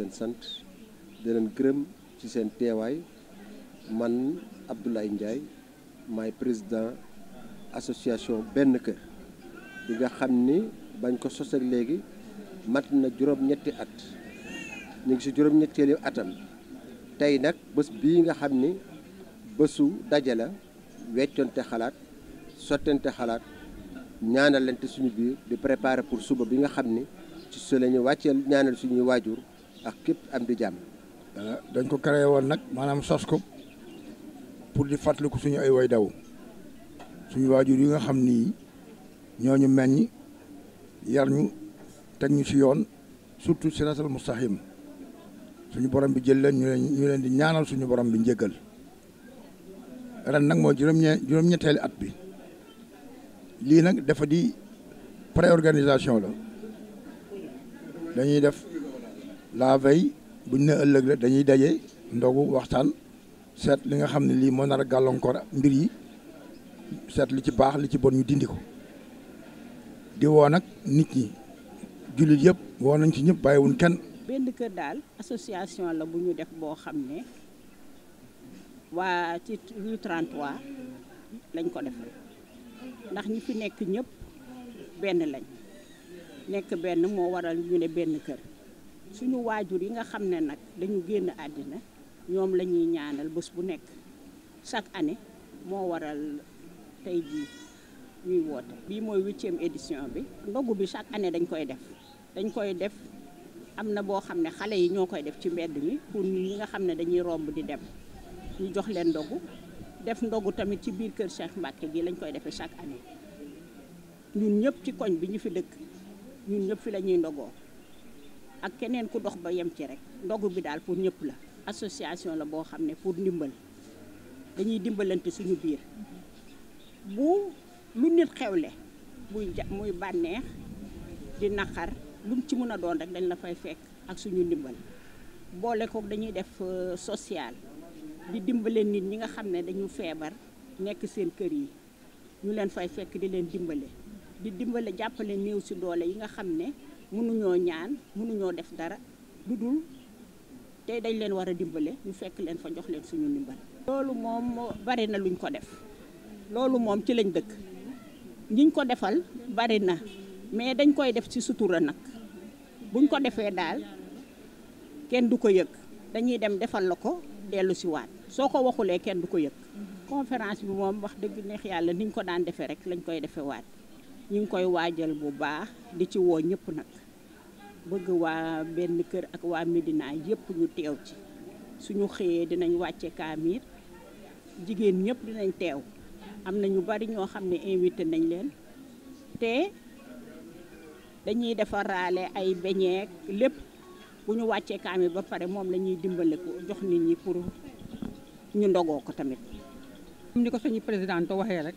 seen sant di gërëm ci seen teewaay man Abdoulaye njaay maay président association benn kër bi nga xam ni bañ ko sos léegi mat na juróom-ñetti at ñu ngi si juróom-ñetteelu atam tey nag bés bi nga xam ni bésu daje la weccoonte xalaat sottante xalaat ñaanalante suñu biir di préparer pour suba bi nga xam ni ci su la wàcceel ñaanal suñuy waajur ak képp am di jàmm. Euh, dañ ko créé woon nag maanaam sos ko pour di fàttaliku suñu ay way daw suñu waajur yi nga xam nii ñoo ñu meññ yar ñu teg ñu ci yoon surtout siratal mustaqim suñu borom bi jël leen ñu leen ñu leen di ñaanal suñu borom bi njëggal ren nag mooy juróom-ñe juróom-ñetteeli at bi lii nag dafa di pré-organisation la dañuy def. la veille buñ ne ëllëg la dañuy daje ndogu waxtaan seet li nga xam ne lii moo nar a gàllankoor mbir yi seet li ci baax li ci bon ñu dindi ko di woo nag nit ñi jullit yëpp woo nañ ci ñëpp bàyyiwuñ kenn. benn kër daal association la bu ñu def boo xam ne waa ci rue lañ ko defee ndax ñi fi nekk ñépp benn lañ nekk benn moo waral ñu ne benn kër. suñu waajur yi nga xam ne nag dañu génn àddina ñoom la ñuy ñaanal bés bu nekk chaque année moo waral tey jii ñuy woote bii mooy huitième édition bi ndogu bi chaque année dañ koy def dañ koy def am na boo xam ne xale yi ñoo koy def ci mbedd mi pour ñi nga xam ne dañuy romb di dem ñu jox leen ndogu def ndogu tamit ci biir kër Cheikh Mbacke gi lañ koy defee chaque année ñun ñëpp ci koñ bi ñu fi dëkk ñun ñëpp fi la ñuy ndogoo ak keneen ku dox ba yem ci rek ndogu bi daal pour ñëpp la association la boo xam ne pour ndimbal dañuy dimbalante suñu biir bu lu nit xewle muy ja muy bànneex di naqar lu ci mun a doon rek dañ la fay fekk ak suñu ndimbal boole ko dañuy def euh, social di dimbale nit ñi nga xam ne dañu feebar nekk seen kër yi ñu leen fay fekk di leen dimbale di dimbale jàppale néew si doole yi nga xam ne mënuñoo ñaan mënuñoo def dara lu dul te dañ leen war a dimbale ñu fekk leen fa jox leen suñu ndimbal. loolu moom bari na luñ ko def loolu moom ci lañ dëkk ñiñ ko defal bari na mais dañ koy def ci sutura nag buñ ko defee daal kenn du ko yëg dañuy dem defal la ko dellu si waat soo ko waxulee kenn du ko yëg conference bi moom wax dëgg neex yàlla ni ñu ko daan defee rek lañ koy defee waat. ñu ngi koy waajal bu baax di ci woo ñëpp nag bëgg waa benn kër ak waa Médina yëpp ñu teew ci suñu xëyee dinañ wàcce kaamir jigéen ñëpp dinañ teew am na ñu bari ñoo xam ne invité nañ leen te dañuy defaraale ay beñeek lépp bu ñu wàccee kaamir ba pare moom lañuy ñuy dimbale ko jox nit ñi pour ñu ndogoo ko tamit. ni ko suñu présidente waxee rek.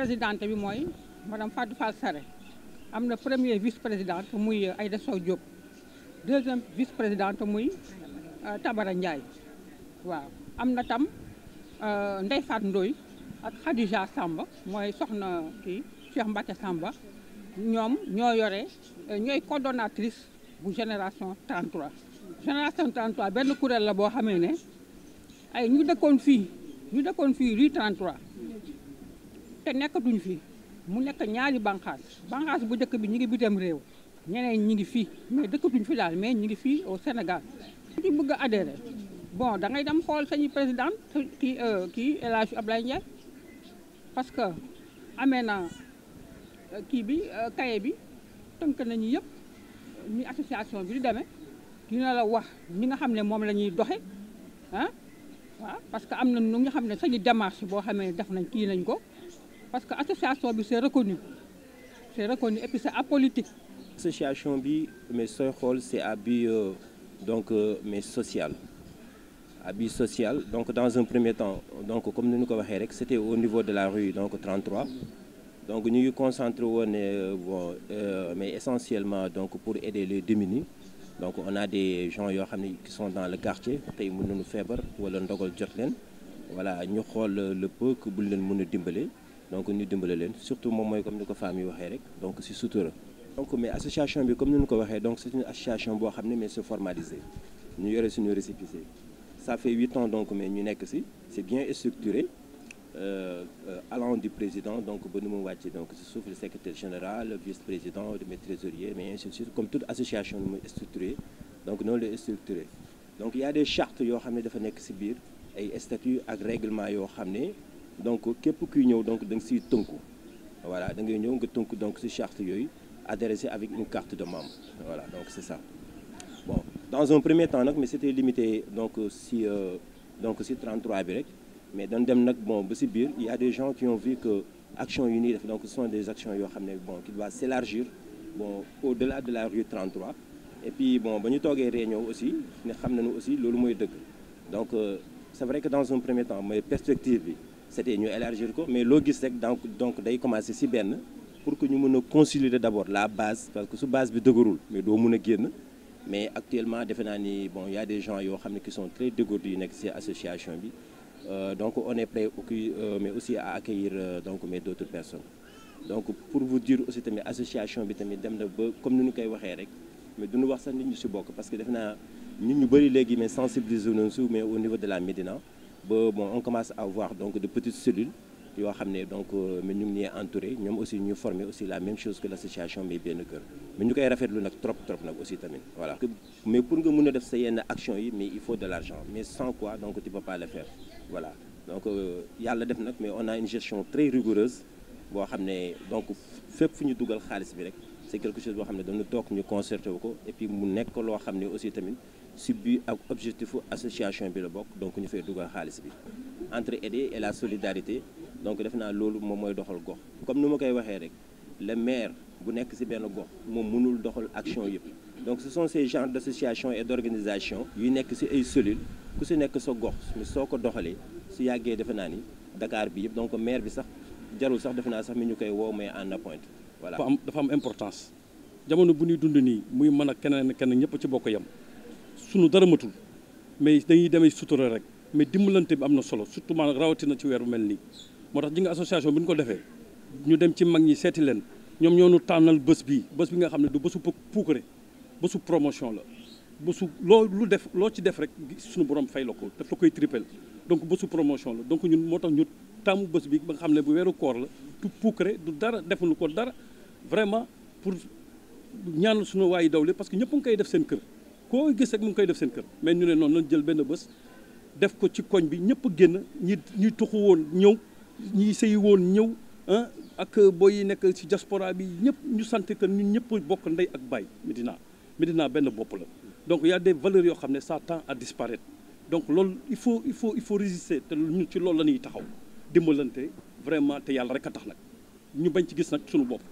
présidente bi mooy madame Fatou Fall Saré am na premier vice présidente muy Aïda Sow Diop deuxième vice présidente muy euh, Tabara Ndiaye waaw am na tam euh, Ndeye Fatou Ndoye ak Khadija Samba mooy soxna kii Cheikh Mbacké Samba ñoom ñoo yore euh, ñooy coordonnatrice bu génération 33 génération 33 benn kuréel la boo xamee ne ay ñu dëkkoon fii ñu dëkkoon fii rue 33 te nekkatuñ fi mu nekk ñaari bànqaas bànqaas bu dëkk bi ñu ngi bitam réew ñeneen ñi ngi fii mais dëkkatuñ fi daal mais ñu ngi fii au Sénégal. ku ci bëgg a bon da ngay dem xool sañu président kii euh, kii El Hadj Abdoulaye Ndiaye parce que amee na euh, kii bi kaye euh, bi tënk nañu yëpp ni association bi di demee dina la wax ñi nga xam ne moom la ñuy doxe ah waaw parce que am na ñu nga xam ne sañu démarche boo xamee def nañ kii nañ ko. parce que l'association c'est reconnu c'est reconnu et puis c'est apolitique. L'association, bi mais c'est à but euh, donc euh, mais social à social donc dans un premier temps donc comme nous avons ko c'était au niveau de la rue donc 33 donc nous nous concentrons euh, mais essentiellement donc pour aider les démunis donc on a des gens qui sont dans le quartier qui nous nañu ou wala dans jot jardin. voilà nous xool le peu que nous pouvons donc nous sommes leen surtout moom mooy comme ni ko femmes yi donc c'est sutura. donc mais association bi comme nous ñu ko donc c'est une association qui xam formalisée. mais avons formalisé ñu yore ça fait huit ans donc mais ñu nekk si c'est bien structuré euh, allant du président donc ba nous mu donc si le secrétaire général vice-président le trésorier mais ainsi de comme toute association mu structuré donc nous sommes structuré donc il y a des chartes qui sont ne dafa nekk si biir ay statuts ak règlements yoo xam donc képp kuy ñëw donc da nga siy tënku voilà da ngay ñëw nga tënku donc si charte yooyu adressé avec une carte de membre voilà donc c'est ça bon dans un premier temps nag mais c'était limité donc si euh, donc si 33 bi rek mais dañ dem nag bon ba si biir il y a des gens qui ont vu que action yu def donc ce sont des actions yoo xam bon qui doit s'élargir bon au-delà de la rue 33 et puis bon ba ñu toogee réunion aussi ne xam nañu aussi loolu mooy dëgg donc euh, c'est vrai que dans un premier temps mooy perspective c'était ñu élargir mais le gis rek donc donc day commencer ci bien pour que nous nous consolider d'abord la base parce que su base bi dëgërul mais doo mën mais actuellement il bon ni y a des gens qui sont très dégourdis dans nekk association euh, donc on est prêt euh, mais aussi à accueillir euh, donc mais d'autres personnes donc pour vous dire aussi tamit association bi tamit comme nous nous koy rek mais nous wax voir ça ñu ci parce que nous naa nit ñu sensibiliser mais au niveau de la Médina bon on commence à avoir donc de petites cellules yoo xam donc euh, mais ñu ngi ñee entouré aussi ñu former aussi la même chose que l'association association mais benn kër mais ñu koy rafetlu le trop trop nag aussi tamit voilà. mais pour nga nous a def sa yenn action yi mais il faut de l'argent mais sans quoi donc tu peux pas le faire voilà donc euh, yàlla def nag mais on a une gestion très rigoureuse bon xam donc fait pour nous dugal bi rek quelque chose boo xam ne dañu toog ñu concerté ko et puis mu nekk loo xam aussi tamit si bi ak objectif association bi la bokk donc ñu fay dugal xaalis bi entre aider et la solidarité donc def naa loolu moom mooy doxal gox comme ni koy waxé rek le maire bu nekk ci benn gox mom mënul doxal action yépp donc ce sont ces genres d'associations et d'organisations yu nekk ci ay cellules ku ci nekk sa gox soo soko doxalee su yagge defe naa ni Dakar bi yépp donc maire bi sax jarul sax defe naa sax mi ñu koy woo mais en appoint voilà dafa am importance jamono bu ñuy dund ni. muy mëna a keneen keneen ñëpp ci bokk yem sunu dara matul mais dañuy démé sutura rek mais dimbalante bi amna solo surtout maanaam rawatina ci weer melni motax nii nga association buñ ko défé ñu dem ci mag ñi séti leen ñom ñonu tanal bëss bi bëss bi nga xamné du bëssu puukare bëssu promotion la bëssu lo lu def lo ci def rek suñu borom fay lako ko daf la koy triple donc bëssu promotion la donc ñun motax ñu tamu bëss bi ba nga xamné bu weeru koor la tu puukare du dara defu lu ko dara vraiment pour ñaanu suñu wayi dawle parce que ñëpp a ngi koy def seen kër. koo gis rek mu ngi koy def seen kër mais ñu ne noonu nañ jël benn bés def ko ci koñ bi ñëpp génn ñi ñi tuxu woon ñëw ñi sëyi woon ñëw ah ak booy yi nekk ci jasporaa bi ñëpp ñu sant que ñun ñëpp bokk ndey ak baay Médina Médina benn bopp la donc y a des valeurs yoo xam ne sa temps à disparaître donc lool il faut il faut il faut résister te ñun ci loolu la ñuy taxaw dimbalante vraiment te yàlla rek a tax nag ñu bañ ci gis nag suñu bopp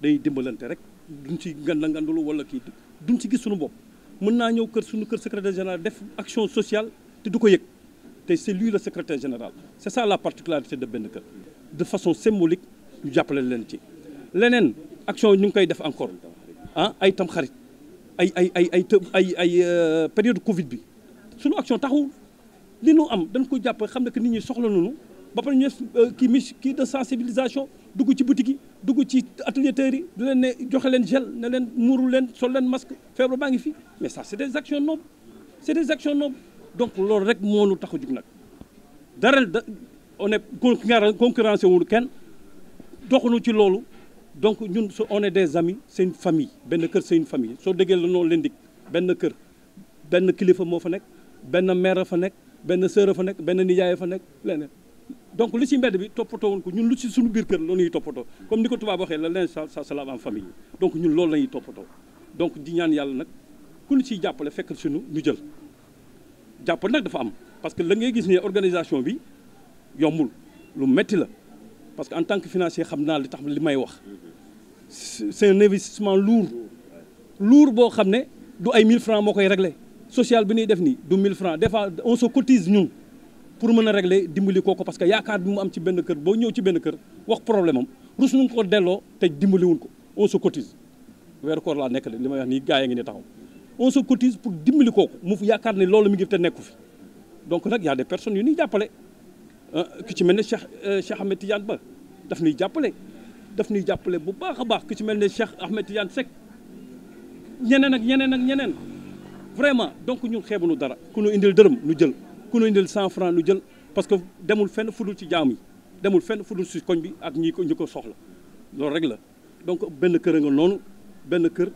day dimbalante rek duñ ci nganda ngandalu wala kii duñ ci gis suñu bopp mën naa ñëw secrétaire général def action sociale c'est lui le secrétaire général c'est ça la particularité de benn de façon symbolique ñu jàppale leen ci leneen action ñu ngi koy def encore ah ay Covid bi action taxul li nu am dañ xam ba pare ñu def euh, kii de sensibilisation dugg ci boutique yi ci atelier yi du leen ne joxe leen gel ne leen muuru sol masque feebar baa fi mais ça c'est des actions nobles c'est des actions nobles donc loolu rek moo nu tax a dara on est concurrencé wul Ken. doxuñu ci loolu donc ñun su on est des amis c'est une famille Ben kër une famille soo déggee la noonu leen dig ben kër ben kilifa mo fa nek ben mère fa nek ben sœur fa nek ben nijaay fa nek leneen donc lu ci mbedd bi topoto won ko ñun lu ci suñu biir kër loolu ñuy toppatoo comme niko tuba tubaab la leen sa sa salaam en famille donc ñun loolu la ñuy toppatoo donc di ñaan yalla nak ku ñu ci jàppale fekk suñu ñu jël jàppale nak dafa am parce que la ngay gis ni organisation bi yomul lu metti la parce que en tant que financier xamna li tax li may wax c'est un investissement lourd lourd bo xamné du ay 1000 francs moo koy régler social bi ñuy def ni du 1000 francs des fois on se cotise ñun pour mën a régler dimbali koko parce que yaakaar bi mu am ci benn kër bo ñew ci benn kër wax problème am rus nañ ko dello te wul ko on se cotise weeru koor la nekk li may wax ni gaay ngi taxaw on se cotise pour dimbali koko mu yaakaar ni loolu mi ngi te nekku fi donc nak y a des personnes yu ñuy jàppale euh, ki ci melni Cheikh euh, Cheikh Ahmed Tidiane Ba daf ñuy jàppale daf ñuy jàppale bu baax baax ki ci melni Cheikh Ahmed Tidiane sek ñeneen ak ñeneen ak ñeneen vraiment donc ñun xeebuñu dara ku ñu indil deureum ñu jël ku la ñu del lu jël parce que demul fenn fudul ci jaam yi demul fenn fudul ci koñ bi ak ñi ko ñi soxla loolu rek la donc ben kër nga nga ben keur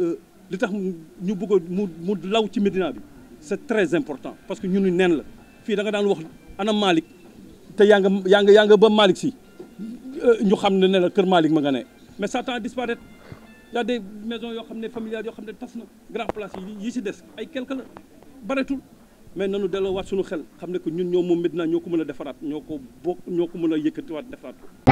euh li tax ñu bëgg mu law ci medina bi c'est très important parce que ñun neen la fi da nga daan wax ana malik te ya nga ya nga yaa nga ba malik si euh, ñu xam ne ne la kër malik ma nga ne mais ça tend à il y a des maisons yo xamne ne familiales yoo xam ne na grand place yi yi si des ay quelque la baretul mais nanu delloowaat suñu xel xam ne que ñun ñoo moom Médina ñoo ko mën a defaraat ñoo ko bokk ñoo ko mën a yëkkatiwaat defaraat